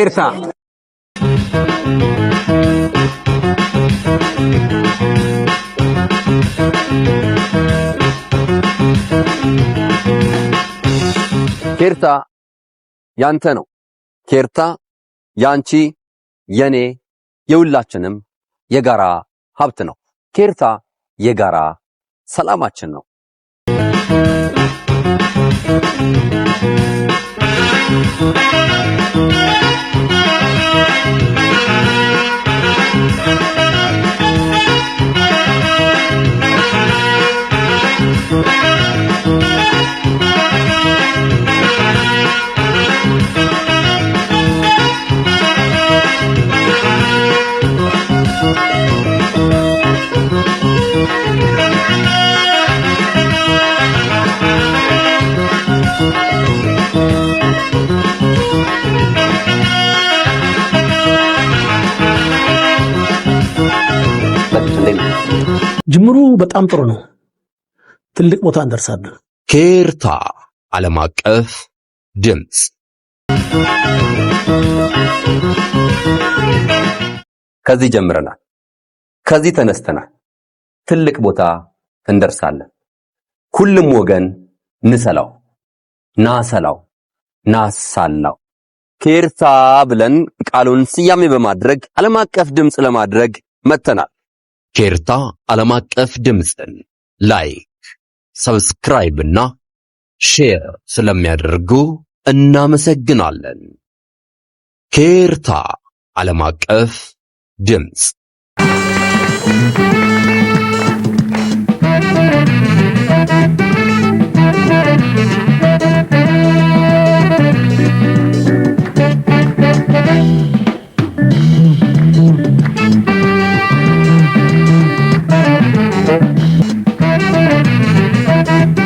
ሄርሳ ኬርታ ያንተ ነው። ኬርታ ያንቺ፣ የኔ፣ የሁላችንም የጋራ ሀብት ነው። ኬርታ የጋራ ሰላማችን ነው። Thank you. በጣም ጥሩ ነው። ትልቅ ቦታ እንደርሳለን። ኬርታ ዓለም አቀፍ ድምፅ ከዚህ ጀምረናል። ከዚህ ተነስተናል። ትልቅ ቦታ እንደርሳለን። ሁሉም ወገን ንሰላው፣ ናሰላው፣ ናሳላው ኬርታ ብለን ቃሉን ስያሜ በማድረግ ዓለም አቀፍ ድምፅ ለማድረግ መጥተናል። ኬርታ ዓለም አቀፍ ድምፅን ላይክ፣ ሰብስክራይብ እና ሼር ስለሚያደርጉ እናመሰግናለን። ኬርታ ዓለም አቀፍ ድምፅ Música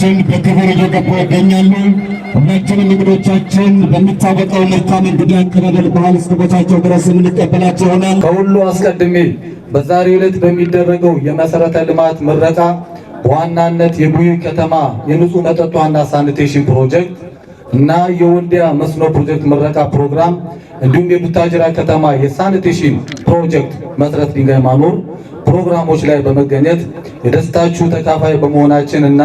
ሁላችን በክብር እየገቡ ይገኛሉ። ሁላችንም እንግዶቻችን በሚታወቀው መልካም እንግዳ አቀባበል ባህል እስክቦታቸው ድረስ የምንቀበላቸው ይሆናል። ከሁሉ አስቀድሜ በዛሬ ዕለት በሚደረገው የመሰረተ ልማት ምረቃ በዋናነት የቡይ ከተማ የንጹህ መጠጧና ሳኒቴሽን ፕሮጀክት እና የወልዲያ መስኖ ፕሮጀክት ምረቃ ፕሮግራም እንዲሁም የቡታጅራ ከተማ የሳኒቴሽን ፕሮጀክት መሰረት ድንጋይ ማኖር ፕሮግራሞች ላይ በመገኘት የደስታችሁ ተካፋይ በመሆናችን እና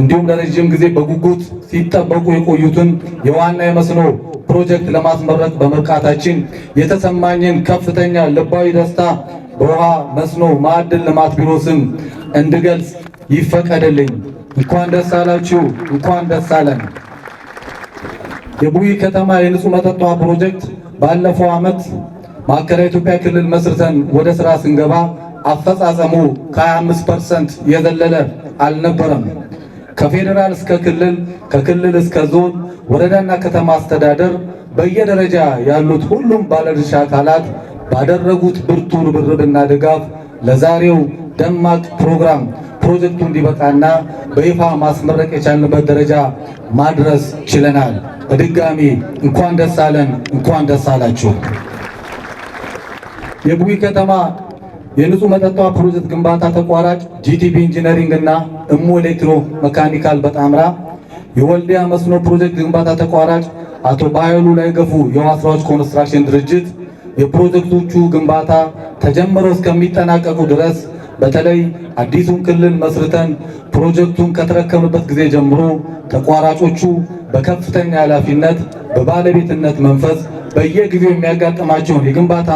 እንዲሁም ለረጅም ጊዜ በጉጉት ሲጠበቁ የቆዩትን የዋና የመስኖ ፕሮጀክት ለማስመረቅ በመብቃታችን የተሰማኝን ከፍተኛ ልባዊ ደስታ በውሃ መስኖ ማዕድን ልማት ቢሮ ስም እንድገልጽ ይፈቀድልኝ። እንኳን ደስ አላችሁ፣ እንኳን ደስ አለን። የቡይ ከተማ የንጹህ መጠጥ ውሃ ፕሮጀክት ባለፈው ዓመት ማዕከላዊ ኢትዮጵያ ክልል መስርተን ወደ ስራ ስንገባ አፈጻጸሙ ከ25 ፐርሰንት የዘለለ አልነበረም። ከፌዴራል እስከ ክልል፣ ከክልል እስከ ዞን፣ ወረዳና ከተማ አስተዳደር በየደረጃ ያሉት ሁሉም ባለድርሻ አካላት ባደረጉት ብርቱ ርብርብና ድጋፍ ለዛሬው ደማቅ ፕሮግራም ፕሮጀክቱ እንዲበቃና በይፋ ማስመረቅ የቻልንበት ደረጃ ማድረስ ችለናል። በድጋሚ እንኳን ደስ አለን፣ እንኳን ደስ አላችሁ። ከተማ የንጹህ መጠጥ ውሃ ፕሮጀክት ግንባታ ተቋራጭ ጂቲቢ ኢንጂነሪንግ እና እሞ ኤሌክትሮ መካኒካል በጣምራ የወልዲያ መስኖ ፕሮጀክት ግንባታ ተቋራጭ አቶ ባይሉ ላይ ገፉ የውሃ ስራዎች ኮንስትራክሽን ድርጅት የፕሮጀክቶቹ ግንባታ ተጀምረው እስከሚጠናቀቁ ድረስ በተለይ አዲሱን ክልል መስርተን ፕሮጀክቱን ከተረከምበት ጊዜ ጀምሮ ተቋራጮቹ በከፍተኛ ኃላፊነት በባለቤትነት መንፈስ በየጊዜው የሚያጋጥማቸውን የግንባታ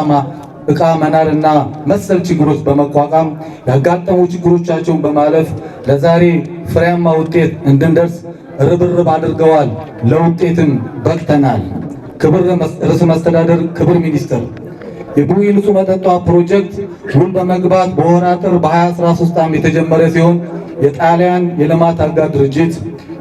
እቃ መናልና እና መሰል ችግሮች በመቋቋም ያጋጠሙ ችግሮቻቸውን በማለፍ ለዛሬ ፍሬያማ ውጤት እንድንደርስ ርብርብ አድርገዋል። ለውጤትም በቅተናል። ክብር ርዕሰ መስተዳደር፣ ክብር ሚኒስትር፣ የቡይ ንጹህ መጠጧ ፕሮጀክት ውል በመግባት በወር አጥር በ2013 ዓ.ም የተጀመረ ሲሆን የጣሊያን የልማት አጋር ድርጅት፣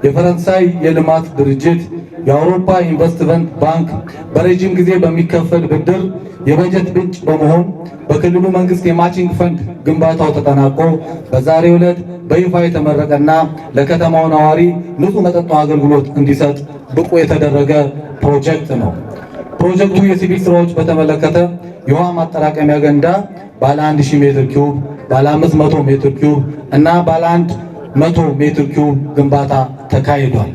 የፈረንሳይ የልማት ድርጅት የአውሮፓ ኢንቨስትመንት ባንክ በረጅም ጊዜ በሚከፈል ብድር የበጀት ምንጭ በመሆን በክልሉ መንግስት የማቺንግ ፈንድ ግንባታው ተጠናቆ በዛሬው ዕለት በይፋ የተመረቀና ለከተማው ነዋሪ ንጹህ መጠጥ አገልግሎት እንዲሰጥ ብቁ የተደረገ ፕሮጀክት ነው። ፕሮጀክቱ የሲቪል ስራዎች በተመለከተ የውሃ ማጠራቀሚያ ገንዳ ባለ 1000 ሜትር ኪዩብ፣ ባለ 500 ሜትር ኪዩብ እና ባለ 100 ሜትር ኪዩብ ግንባታ ተካሂዷል።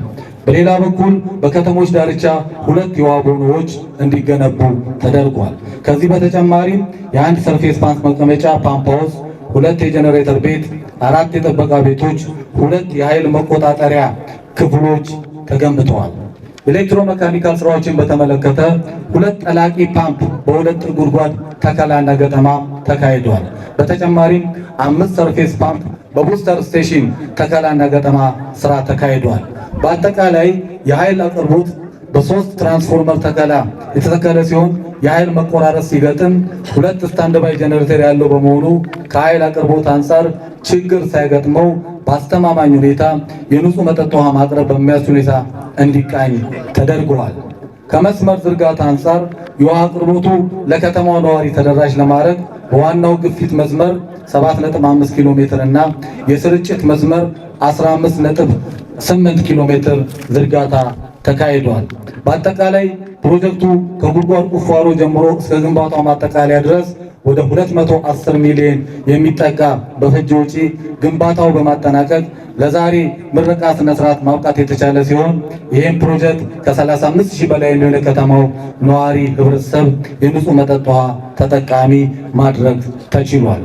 በሌላ በኩል በከተሞች ዳርቻ ሁለት የውሃ ቦኖዎች እንዲገነቡ ተደርጓል። ከዚህ በተጨማሪም የአንድ ሰርፌስ ፓምፕ መቀመጫ ፓምፕ ሃውስ፣ ሁለት የጀኔሬተር ቤት፣ አራት የጥበቃ ቤቶች፣ ሁለት የኃይል መቆጣጠሪያ ክፍሎች ተገንብተዋል። ኤሌክትሮሜካኒካል ስራዎችን በተመለከተ ሁለት ጠላቂ ፓምፕ በሁለት ጉድጓድ ተከላና ገጠማ ተካሂዷል። በተጨማሪም አምስት ሰርፌስ ፓምፕ በቡስተር ስቴሽን ተከላና ገጠማ ስራ ተካሂዷል። በአጠቃላይ የኃይል አቅርቦት በሶስት ትራንስፎርመር ተከላ የተተከለ ሲሆን የኃይል መቆራረጥ ሲገጥም ሁለት ስታንድባይ ጀነሬተር ያለው በመሆኑ ከኃይል አቅርቦት አንጻር ችግር ሳይገጥመው በአስተማማኝ ሁኔታ የንጹህ መጠጥ ውሃ ማቅረብ በሚያስችል ሁኔታ እንዲቃኝ ተደርገዋል። ከመስመር ዝርጋታ አንጻር የውሃ አቅርቦቱ ለከተማው ነዋሪ ተደራሽ ለማድረግ በዋናው ግፊት መስመር 7.5 ኪሎ ሜትር እና የስርጭት መስመር 15.8 ኪሎ ሜትር ዝርጋታ ተካሂዷል። በአጠቃላይ ፕሮጀክቱ ከጉድጓድ ቁፋሮ ጀምሮ እስከ ግንባታው ማጠቃለያ ድረስ ወደ 210 ሚሊዮን የሚጠጋ በፈጅ ውጪ ግንባታው በማጠናቀቅ ለዛሬ ምረቃ ስነ ስርዓት ማብቃት የተቻለ ሲሆን ይህም ፕሮጀክት ከ35 ሺህ በላይ የሚሆነ ከተማው ነዋሪ ህብረተሰብ የንጹህ መጠጥ ውሃ ተጠቃሚ ማድረግ ተችሏል።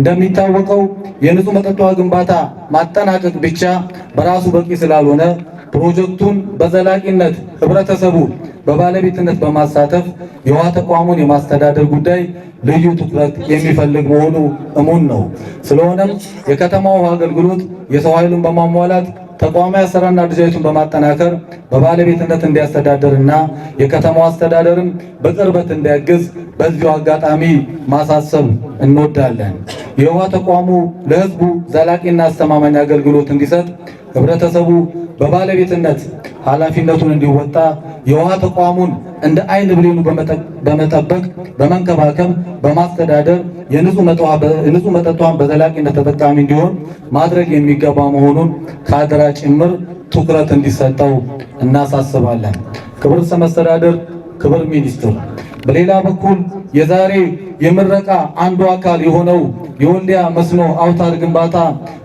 እንደሚታወቀው የንጹህ መጠጥ ውሃ ግንባታ ማጠናቀቅ ብቻ በራሱ በቂ ስላልሆነ ፕሮጀክቱን በዘላቂነት ህብረተሰቡ በባለቤትነት በማሳተፍ የውሃ ተቋሙን የማስተዳደር ጉዳይ ልዩ ትኩረት የሚፈልግ መሆኑ እሙን ነው። ስለሆነም የከተማ ውሃ አገልግሎት የሰው ኃይሉን በማሟላት ተቋማዊ አሰራርና ድርጅቱን በማጠናከር በባለቤትነት እንዲያስተዳደርና የከተማው አስተዳደርም በቅርበት እንዲያግዝ በዚሁ አጋጣሚ ማሳሰብ እንወዳለን። የውሃ ተቋሙ ለህዝቡ ዘላቂና አስተማማኝ አገልግሎት እንዲሰጥ ህብረተሰቡ በባለቤትነት ኃላፊነቱን እንዲወጣ የውሃ ተቋሙን እንደ አይን ብሌኑ በመጠበቅ በመንከባከብ በማስተዳደር የንጹህ መጠጧን በዘላቂነት ተጠቃሚ እንዲሆን ማድረግ የሚገባ መሆኑን ከአደራ ጭምር ትኩረት እንዲሰጠው እናሳስባለን። ክብር ርዕሰ ክብር ሚኒስትር፣ በሌላ በኩል የዛሬ የምረቃ አንዱ አካል የሆነው የወልዲያ መስኖ አውታር ግንባታ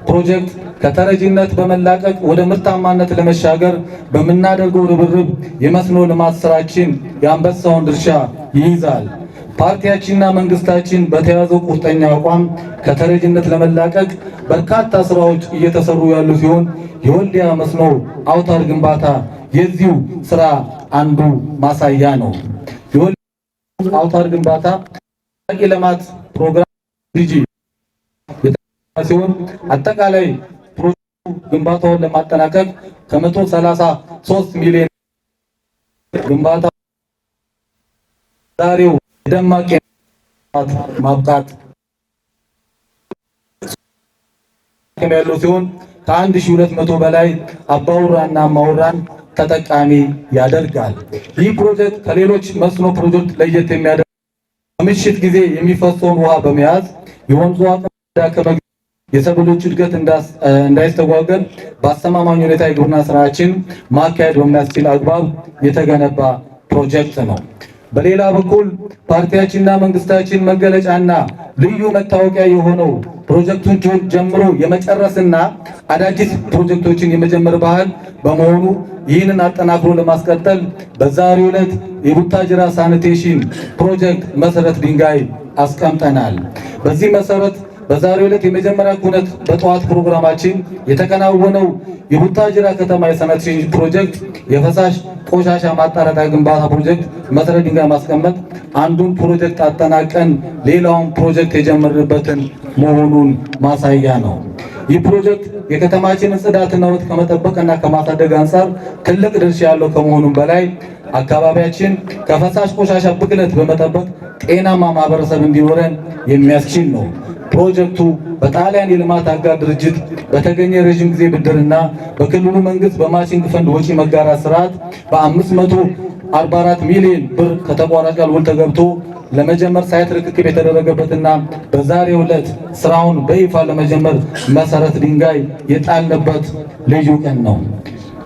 ፕሮጀክት ከተረጂነት በመላቀቅ ወደ ምርታማነት ለመሻገር በምናደርገው ርብርብ የመስኖ ልማት ስራችን የአንበሳውን ድርሻ ይይዛል። ፓርቲያችንና መንግስታችን በተያዘው ቁርጠኛ አቋም ከተረጂነት ለመላቀቅ በርካታ ስራዎች እየተሰሩ ያሉ ሲሆን የወልዲያ መስኖ አውታር ግንባታ የዚሁ ስራ አንዱ ማሳያ ነው። የወልዲያ አውታር ግንባታ ልማት ፕሮግራም ሲሆን አጠቃላይ ግንባታውን ለማጠናቀቅ ከመቶ ሰላሳ ሶስት ሚሊዮን ግንባታ ዛሬው ደማቅ ማብቃት ያለው ሲሆን ከአንድ ሺህ ሁለት መቶ በላይ አባውራና ማውራን ተጠቃሚ ያደርጋል። ይህ ፕሮጀክት ከሌሎች መስኖ ፕሮጀክት ለየት የሚያደርግ በምሽት ጊዜ የሚፈሰውን ውሃ በመያዝ የወንዙ አቅም የሰብሎች እድገት እንዳይስተጓገል በአስተማማኝ ሁኔታ የግብርና ስራችን ማካሄድ በሚያስችል አግባብ የተገነባ ፕሮጀክት ነው። በሌላ በኩል ፓርቲያችንና መንግስታችን መገለጫና ልዩ መታወቂያ የሆነው ፕሮጀክቱን ጀምሮ የመጨረስና አዳዲስ ፕሮጀክቶችን የመጀመር ባህል በመሆኑ ይህንን አጠናክሮ ለማስቀጠል በዛሬው ዕለት የቡታጅራ ሳኒቴሽን ፕሮጀክት መሰረት ድንጋይ አስቀምጠናል። በዚህ መሰረት በዛሬው ዕለት የመጀመሪያ ኩነት በጠዋት ፕሮግራማችን የተከናወነው የቡታጅራ ከተማ የሰነት ቼንጅ ፕሮጀክት የፈሳሽ ቆሻሻ ማጣራቂያ ግንባታ ፕሮጀክት መሰረት ድንጋይ ማስቀመጥ አንዱን ፕሮጀክት አጠናቀን ሌላውን ፕሮጀክት የጀመርንበትን መሆኑን ማሳያ ነው። ይህ ፕሮጀክት የከተማችንን ጽዳትና ውበት ከመጠበቅና ከማሳደግ አንጻር ትልቅ ድርሻ ያለው ከመሆኑም በላይ አካባቢያችን ከፈሳሽ ቆሻሻ ብክለት በመጠበቅ ጤናማ ማህበረሰብ እንዲኖረን የሚያስችል ነው። ፕሮጀክቱ በጣሊያን የልማት አጋር ድርጅት በተገኘ ረዥም ጊዜ ብድርና በክልሉ መንግስት በማቺንግ ፈንድ ወጪ መጋራት ስርዓት በ544 ሚሊዮን ብር ከተቋራጭ ጋር ውል ተገብቶ ለመጀመር ሳይት ርክክብ የተደረገበትና በዛሬው ዕለት ስራውን በይፋ ለመጀመር መሰረት ድንጋይ የጣለበት ልዩ ቀን ነው።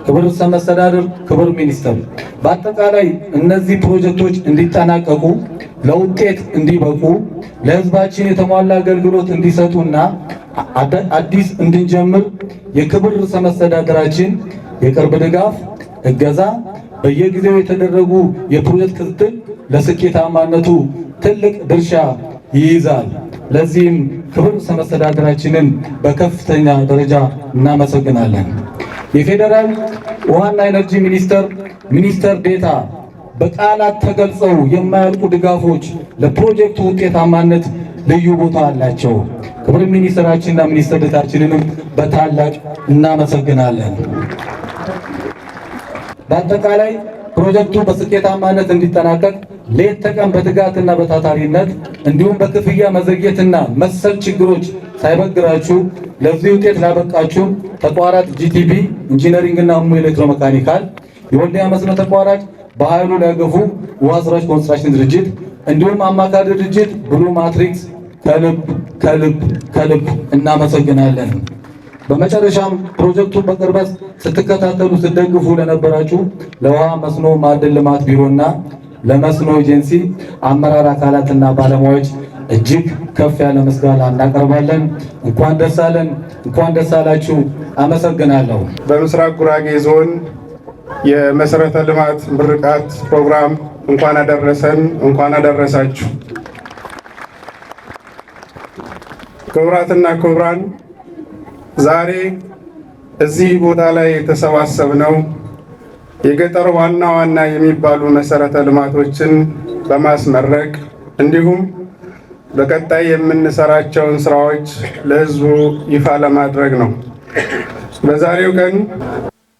ክብር ርዕሰ መስተዳድር፣ ክብር ሚኒስተር፣ በአጠቃላይ እነዚህ ፕሮጀክቶች እንዲጠናቀቁ ለውጤት እንዲበቁ ለህዝባችን የተሟላ አገልግሎት እንዲሰጡና አዲስ እንድንጀምር የክብር ርዕሰ መስተዳድራችን የቅርብ ድጋፍ እገዛ፣ በየጊዜው የተደረጉ የፕሮጀክት ክትትል ለስኬታማነቱ ትልቅ ድርሻ ይይዛል። ለዚህም ክብር ርዕሰ መስተዳድራችንን በከፍተኛ ደረጃ እናመሰግናለን። የፌዴራል ውሃና ኤነርጂ ሚኒስቴር ሚኒስትር ዴኤታ በቃላት ተገልጸው የማያልቁ ድጋፎች ለፕሮጀክቱ ውጤታማነት ልዩ ቦታ አላቸው። ክብር ሚኒስትራችንና ሚኒስትር ዴኤታችንንም በታላቅ እናመሰግናለን። በአጠቃላይ ፕሮጀክቱ በስኬታማነት እንዲጠናቀቅ ሌት ተቀን በትጋትና በታታሪነት እንዲሁም በክፍያ መዘግየትና መሰል ችግሮች ሳይበግራችሁ ለዚህ ውጤት ላበቃችሁ ተቋራጭ ጂቲቢ ኢንጂነሪንግና ኤሌክትሮ መካኒካል የወልዲያ መስኖ ተቋራጭ በኃይሉ ውሃ ዋዝራጅ ኮንስትራክሽን ድርጅት እንዲሁም አማካሪ ድርጅት ብሉ ማትሪክስ ከልብ ከልብ ከልብ እናመሰግናለን። በመጨረሻም ፕሮጀክቱን በቅርበት ስትከታተሉ ስትደግፉ ለነበራችሁ ለውሃ መስኖ ማዕድን ልማት ቢሮና ለመስኖ ኤጀንሲ አመራር አካላትና ባለሙያዎች እጅግ ከፍ ያለ ምስጋና እናቀርባለን። እንኳን ደስ አለን፣ እንኳን ደስ አላችሁ። አመሰግናለሁ። በምስራቅ ጉራጌ ዞን የመሰረተ ልማት ምርቃት ፕሮግራም እንኳን አደረሰን እንኳን አደረሳችሁ። ክቡራትና ክቡራን ዛሬ እዚህ ቦታ ላይ የተሰባሰብነው የገጠር ዋና ዋና የሚባሉ መሰረተ ልማቶችን በማስመረቅ እንዲሁም በቀጣይ የምንሰራቸውን ስራዎች ለሕዝቡ ይፋ ለማድረግ ነው። በዛሬው ቀን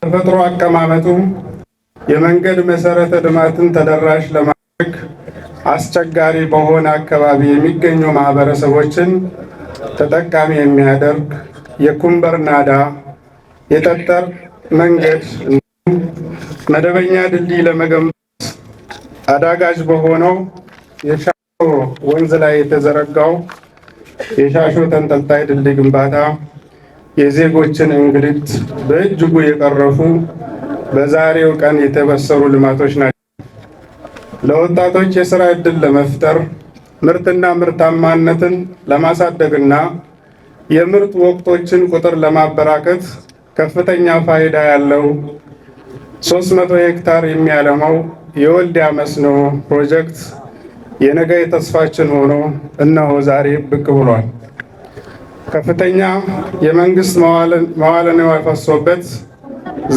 ተፈጥሮ አቀማመጡ የመንገድ መሰረተ ልማትን ተደራሽ ለማድረግ አስቸጋሪ በሆነ አካባቢ የሚገኙ ማህበረሰቦችን ተጠቃሚ የሚያደርግ የኩምበር ናዳ፣ የጠጠር መንገድ መደበኛ ድልድይ ለመገንባት አዳጋጅ በሆነው የሻሾ ወንዝ ላይ የተዘረጋው የሻሾ ተንጠልጣይ ድልድይ ግንባታ የዜጎችን እንግልት በእጅጉ የቀረፉ በዛሬው ቀን የተበሰሩ ልማቶች ናቸው። ለወጣቶች የስራ ዕድል ለመፍጠር ምርትና ምርታማነትን ለማሳደግና የምርት ወቅቶችን ቁጥር ለማበራከት ከፍተኛ ፋይዳ ያለው 300 ሄክታር የሚያለማው የወልዲያ መስኖ ፕሮጀክት የነገ ተስፋችን ሆኖ እነሆ ዛሬ ብቅ ብሏል። ከፍተኛ የመንግስት መዋለ ንዋይ ፈሶበት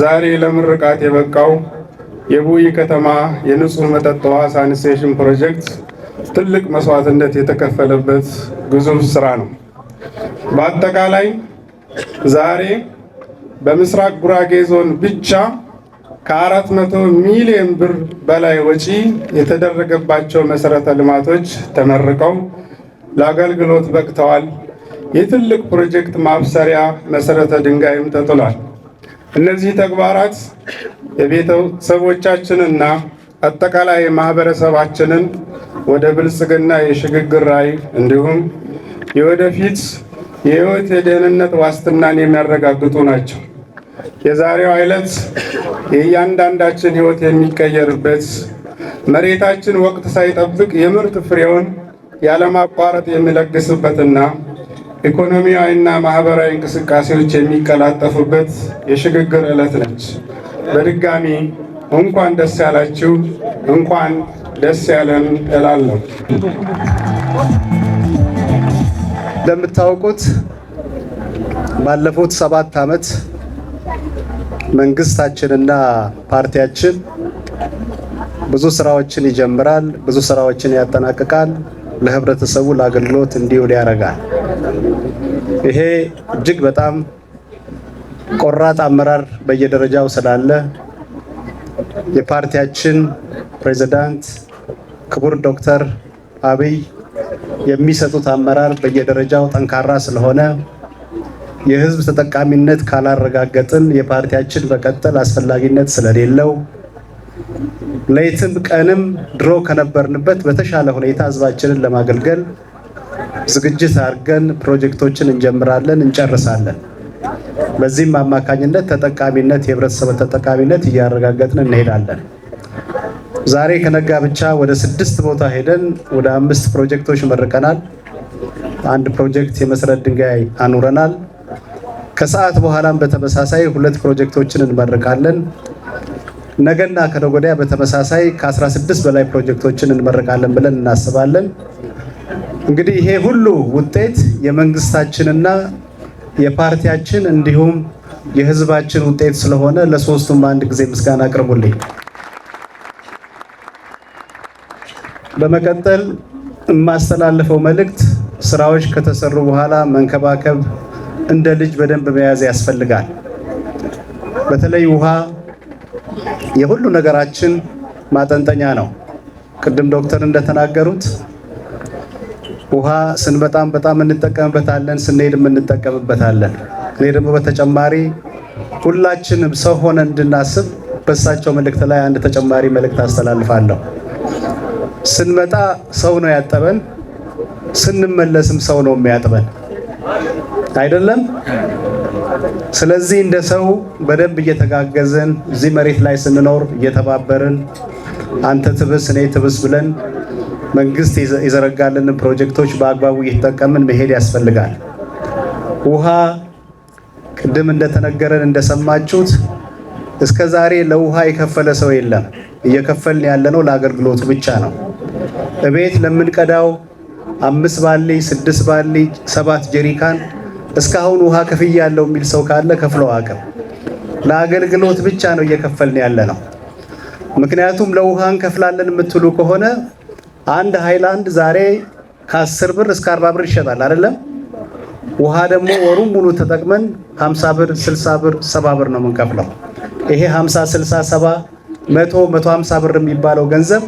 ዛሬ ለምርቃት የበቃው የቡይ ከተማ የንጹህ መጠጥ ውሃ ሳኒቴሽን ፕሮጀክት ትልቅ መስዋዕትነት የተከፈለበት ግዙፍ ስራ ነው። በአጠቃላይ ዛሬ በምስራቅ ጉራጌ ዞን ብቻ ከ400 ሚሊዮን ብር በላይ ወጪ የተደረገባቸው መሰረተ ልማቶች ተመርቀው ለአገልግሎት በቅተዋል። የትልቅ ፕሮጀክት ማብሰሪያ መሰረተ ድንጋይም ተጥሏል። እነዚህ ተግባራት የቤተሰቦቻችንና አጠቃላይ ማህበረሰባችንን ወደ ብልጽግና የሽግግር ራዕይ እንዲሁም የወደፊት የህይወት የደህንነት ዋስትናን የሚያረጋግጡ ናቸው። የዛሬው ዕለት የእያንዳንዳችን ህይወት የሚቀየርበት መሬታችን ወቅት ሳይጠብቅ የምርት ፍሬውን ያለማቋረጥ የሚለግስበትና ኢኮኖሚያዊና ማህበራዊ እንቅስቃሴዎች የሚቀላጠፉበት የሽግግር ዕለት ነች። በድጋሚ እንኳን ደስ ያላችሁ፣ እንኳን ደስ ያለን እላለሁ። እንደምታውቁት ባለፉት ሰባት ዓመት መንግስታችንና ፓርቲያችን ብዙ ስራዎችን ይጀምራል፣ ብዙ ስራዎችን ያጠናቅቃል። ለህብረተሰቡ ለአገልግሎት እንዲውል ያደርጋል። ይሄ እጅግ በጣም ቆራጥ አመራር በየደረጃው ስላለ የፓርቲያችን ፕሬዝዳንት ክቡር ዶክተር አብይ የሚሰጡት አመራር በየደረጃው ጠንካራ ስለሆነ የህዝብ ተጠቃሚነት ካላረጋገጥን የፓርቲያችን መቀጠል አስፈላጊነት ስለሌለው ለይትም ቀንም ድሮ ከነበርንበት በተሻለ ሁኔታ ህዝባችንን ለማገልገል ዝግጅት አድርገን ፕሮጀክቶችን እንጀምራለን፣ እንጨርሳለን። በዚህም አማካኝነት ተጠቃሚነት የህብረተሰብ ተጠቃሚነት እያረጋገጥን እንሄዳለን። ዛሬ ከነጋ ብቻ ወደ ስድስት ቦታ ሄደን ወደ አምስት ፕሮጀክቶች መርቀናል። አንድ ፕሮጀክት የመሰረት ድንጋይ አኑረናል። ከሰዓት በኋላም በተመሳሳይ ሁለት ፕሮጀክቶችን እንመርቃለን። ነገና ከነገ ወዲያ በተመሳሳይ ከ16 በላይ ፕሮጀክቶችን እንመረቃለን ብለን እናስባለን። እንግዲህ ይሄ ሁሉ ውጤት የመንግስታችንና የፓርቲያችን እንዲሁም የህዝባችን ውጤት ስለሆነ ለሶስቱም አንድ ጊዜ ምስጋና አቅርቡልኝ። በመቀጠል የማስተላለፈው መልእክት ስራዎች ከተሰሩ በኋላ መንከባከብ እንደ ልጅ በደንብ መያዝ ያስፈልጋል። በተለይ ውሃ የሁሉ ነገራችን ማጠንጠኛ ነው። ቅድም ዶክተር እንደተናገሩት ውሃ ስን በጣም በጣም እንጠቀምበታለን፣ ስንሄድም እንጠቀምበታለን። እኔ ደግሞ በተጨማሪ ሁላችንም ሰው ሆነ እንድናስብ በእሳቸው መልእክት ላይ አንድ ተጨማሪ መልእክት አስተላልፋለሁ። ስንመጣ ሰው ነው ያጠበን፣ ስንመለስም ሰው ነው የሚያጥበን አይደለም ስለዚህ እንደ ሰው በደንብ እየተጋገዘን እዚህ መሬት ላይ ስንኖር እየተባበርን አንተ ትብስ እኔ ትብስ ብለን መንግስት የዘረጋልን ፕሮጀክቶች በአግባቡ እየተጠቀምን መሄድ ያስፈልጋል። ውሃ ቅድም እንደተነገረን እንደሰማችሁት እስከ ዛሬ ለውሃ የከፈለ ሰው የለም። እየከፈልን ያለነው ለአገልግሎቱ ብቻ ነው። እቤት ለምንቀዳው አምስት ባሊ ስድስት ባሊ ሰባት ጀሪካን እስካሁን ውሃ ያለው የሚል ሰው ካለ ከፍሎ አቅም ለአገልግሎት ብቻ ነው እየከፈልን ያለ ነው። ምክንያቱም ለውሃ እንከፍላለን የምትሉ ከሆነ አንድ ሃይላንድ ዛሬ ከአስር ብር እስከ አርባ ብር ይሸጣል አይደለም። ውሃ ደግሞ ወሩን ሙሉ ተጠቅመን 50 ብር፣ 60 ብር፣ 70 ብር ነው የምንከፍለው። ይሄ 50 60 70 100 150 ብር የሚባለው ገንዘብ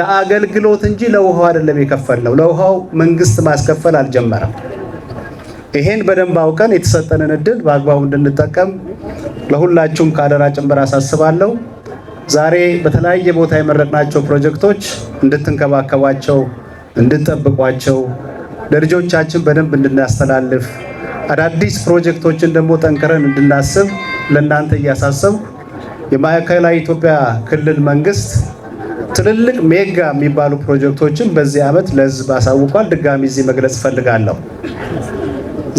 ለአገልግሎት እንጂ ለውሃው አይደለም የከፈልነው። ለውሃው መንግስት ማስከፈል አልጀመረም። ይሄን በደንብ አውቀን የተሰጠንን እድል በአግባቡ እንድንጠቀም ለሁላችሁም ከአደራ ጭምር አሳስባለሁ። ዛሬ በተለያየ ቦታ የመረጥናቸው ፕሮጀክቶች እንድትንከባከቧቸው፣ እንድንጠብቋቸው፣ ለልጆቻችን በደንብ እንድናስተላልፍ፣ አዳዲስ ፕሮጀክቶችን ደግሞ ጠንክረን እንድናስብ ለእናንተ እያሳሰብኩ የማዕከላዊ ኢትዮጵያ ክልል መንግስት ትልልቅ ሜጋ የሚባሉ ፕሮጀክቶችን በዚህ ዓመት ለህዝብ አሳውቋል። ድጋሚ እዚህ መግለጽ እፈልጋለሁ።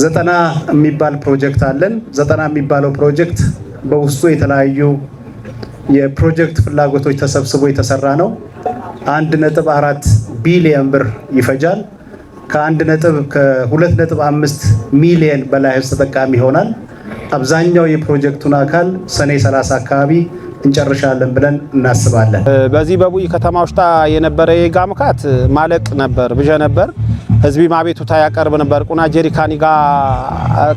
ዘጠና የሚባል ፕሮጀክት አለን። ዘጠና የሚባለው ፕሮጀክት በውስጡ የተለያዩ የፕሮጀክት ፍላጎቶች ተሰብስቦ የተሰራ ነው። አንድ ነጥብ አራት ቢሊየን ብር ይፈጃል። ከአንድ ነጥብ ከሁለት ነጥብ አምስት ሚሊየን በላይ ህዝብ ተጠቃሚ ይሆናል። አብዛኛው የፕሮጀክቱን አካል ሰኔ 30 አካባቢ እንጨርሻለን ብለን እናስባለን። በዚህ በቡይ ከተማ ውሽጣ የነበረ የጋምካት ማለቅ ነበር ብዣ ነበር ህዝቢ ማቤቱታ ያቀርብ ነበር። ቁና ጀሪካኒ ጋ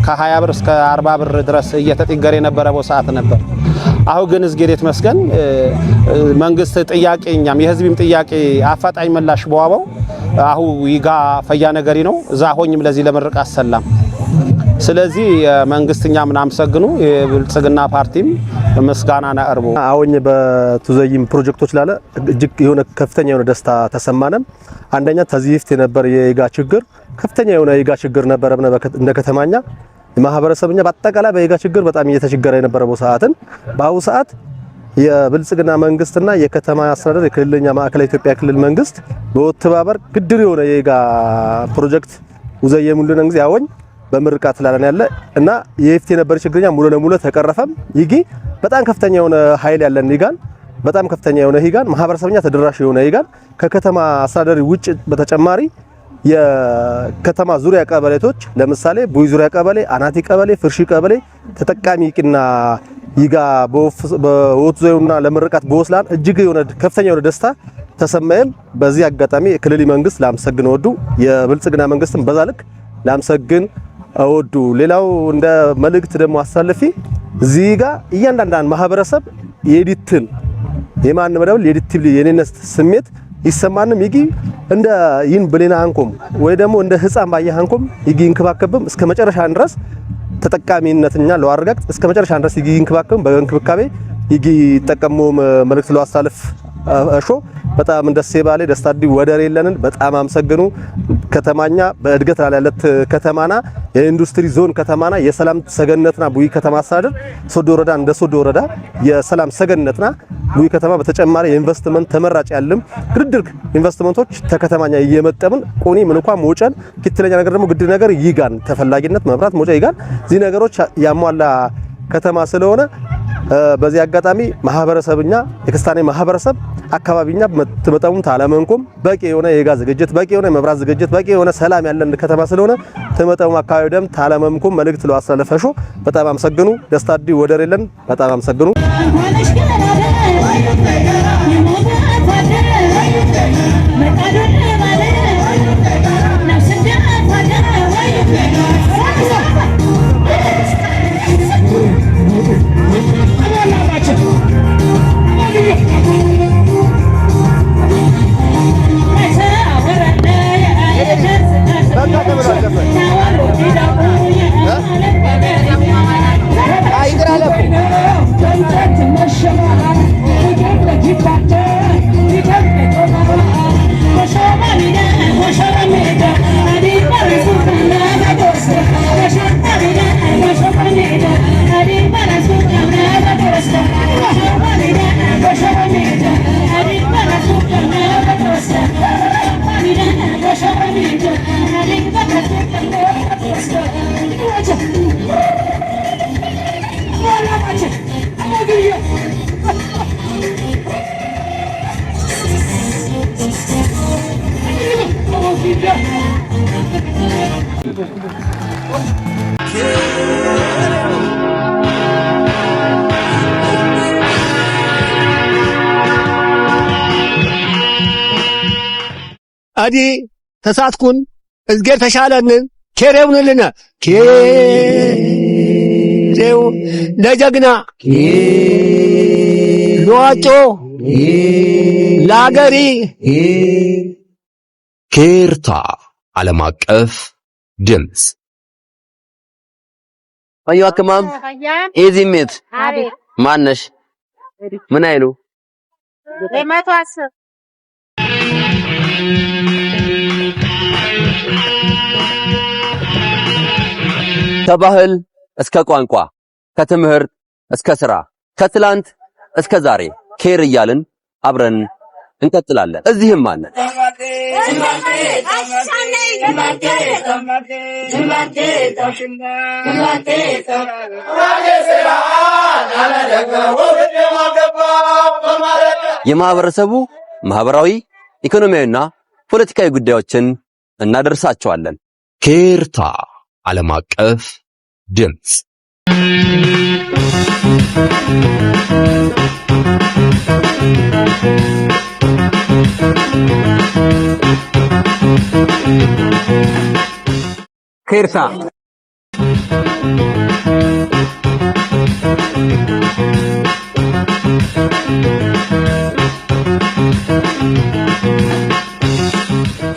ከ20 ብር እስከ 40 ብር ድረስ እየተጥገረ የነበረ ሰዓት ነበር። አሁን ግን እዝጌት ይመስገን መንግስት ጥያቄ እኛም የህዝቢም ጥያቄ አፋጣኝ ምላሽ በዋበው አሁ ይጋ ፈያ ነገሪ ነው ዛሆኝም ለዚህ ለምርቃት አሰላም ስለዚህ መንግስትኛ ምናመሰግኑ የብልጽግና ፓርቲም ምስጋና ናቀርቡ አሁን በቱዘይም ፕሮጀክቶች ላለ እጅግ የሆነ ከፍተኛ የሆነ ደስታ ተሰማንም። አንደኛ ተዚህፍት የነበር የይጋ ችግር ከፍተኛ የሆነ የይጋ ችግር ነበረ ብነ እንደ ከተማኛ ማህበረሰብኛ በአጠቃላይ በይጋ ችግር በጣም እየተቸገረ የነበረው ሰዓትን በአሁኑ ሰዓት የብልጽግና መንግስትና የከተማ አስተዳደር የክልልኛ ማዕከላዊ ኢትዮጵያ ክልል መንግስት በመተባበር ግድር የሆነ የይጋ ፕሮጀክት ውዘየሙልን ጊዜ አወኝ በምርቃት ላለን ያለ እና የኤፍቲ የነበረ ችግርኛ ሙሉ ለሙሉ ተቀረፈም። ይጊ በጣም ከፍተኛ የሆነ ኃይል ያለን ይጋን በጣም ከፍተኛ የሆነ ይጋን ማህበረሰብኛ ተደራሽ የሆነ ይጋን ከከተማ አስተዳደሪ ውጭ በተጨማሪ የከተማ ዙሪያ ቀበሌቶች ለምሳሌ ቡይ ዙሪያ ቀበሌ፣ አናቲ ቀበሌ፣ ፍርሺ ቀበሌ ተጠቃሚ ይቅና ይጋ በወት ዙሪያውና ለምርቃት በወስላን እጅግ የሆነ ከፍተኛ የሆነ ደስታ ተሰማየም። በዚህ አጋጣሚ ክልል መንግስት ላመሰግን ወዱ የብልጽግና መንግስትም በዛልክ ላምሰግን እወዱ። ሌላው እንደ መልእክት ደግሞ አሳልፊ እዚህ ጋር እያንዳንዳን ማህበረሰብ የዲትን የማን መደብል የዲቲቭሊ የኔነት ስሜት ይሰማንም ይጊ እንደ ይን ብሌና አንኮም ወይ ደግሞ እንደ ህፃን ባየ አንኮም ይጊ እንክባከብም እስከ መጨረሻ ድረስ ተጠቃሚነትኛ ለዋረጋግጥ እስከ መጨረሻ ድረስ ይጊ እንክባከብም በእንክብካቤ ይጊ ይጠቀሙ መልእክት ለዋሳልፍ እሾ በጣም እንደ ሴባሌ ደስታዲ ወደር የለንን በጣም አመሰግኑ። ከተማኛ በእድገት ላይ ያለት ከተማና የኢንዱስትሪ ዞን ከተማና የሰላም ሰገነትና ቡይ ከተማ አስተዳደር ሶዶ ወረዳ እንደ ሶዶ ወረዳ የሰላም ሰገነትና ቡይ ከተማ በተጨማሪ የኢንቨስትመንት ተመራጭ ያለም ግድድር ኢንቨስትመንቶች ተከተማኛ እየመጠብን ቆኒ ምንኳ ሞጨን ክትለኛ ነገር ደግሞ ግድ ነገር ይጋን ተፈላጊነት መብራት ሞጨ ይጋን እዚህ ነገሮች ያሟላ ከተማ ስለሆነ በዚህ አጋጣሚ ማህበረሰብኛ የክስታኔ ማህበረሰብ አካባቢኛ መጠሙም ታላመንኩም በቂ የሆነ የጋ ዝግጅት፣ በቂ የሆነ የመብራት ዝግጅት፣ በቂ የሆነ ሰላም ያለን ከተማ ስለሆነ ተመጠሙ አካባቢ ደም ታላመንኩም መልእክት ለአስተላለፈሹ በጣም አመሰግኑ። ደስታዲ ወደር የለን። በጣም አመሰግኑ። አዲ ተሳትኩን እዝጌር ተሻለንን ኬሬውንልነ ኬሬው ለጀግና ለዋጮ ለአገሪ ኬርታ ዓለም አቀፍ ድምፅ አዩ አከማም ኤዚሜት ማነሽ ምን አይሉ ከባህል እስከ ቋንቋ፣ ከትምህርት እስከ ስራ፣ ከትላንት እስከ ዛሬ ኬር እያልን አብረን እንቀጥላለን። እዚህም አለን። የማህበረሰቡ ማህበራዊ፣ ኢኮኖሚያዊና ፖለቲካዊ ጉዳዮችን እናደርሳቸዋለን። ኬርታ ዓለም አቀፍ ድምፅ ኬርሳ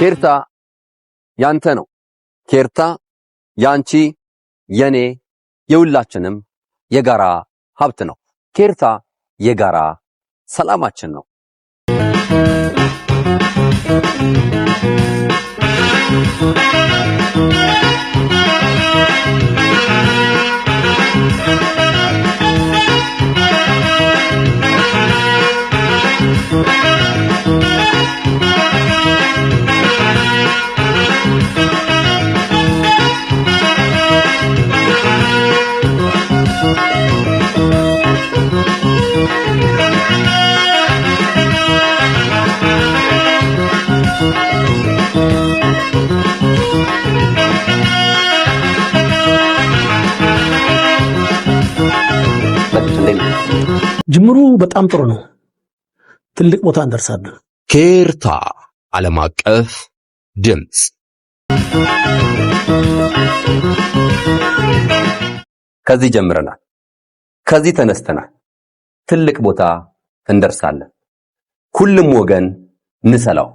ኬርታ ያንተ ነው። ኬርታ ያንቺ የኔ የሁላችንም የጋራ ሀብት ነው። ኬርታ የጋራ ሰላማችን ነው። Thank you. ጅምሩ በጣም ጥሩ ነው። ትልቅ ቦታ እንደርሳለን። ኬርታ ዓለም አቀፍ ድምፅ ከዚህ ጀምረናል። ከዚህ ተነስተናል። ትልቅ ቦታ እንደርሳለን። ሁሉም ወገን ንሰላው።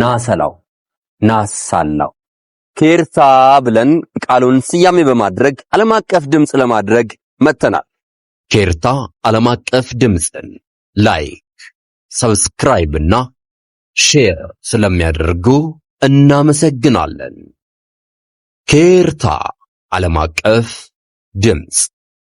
ናሰላው ናሳላው ኬርታ ብለን ቃሉን ስያሜ በማድረግ ዓለም አቀፍ ድምፅ ለማድረግ መጥተናል። ኬርታ ዓለም አቀፍ ድምፅን ላይክ፣ ሰብስክራይብ እና ሼር ስለሚያደርጉ እናመሰግናለን። ኬርታ ዓለም አቀፍ ድምፅ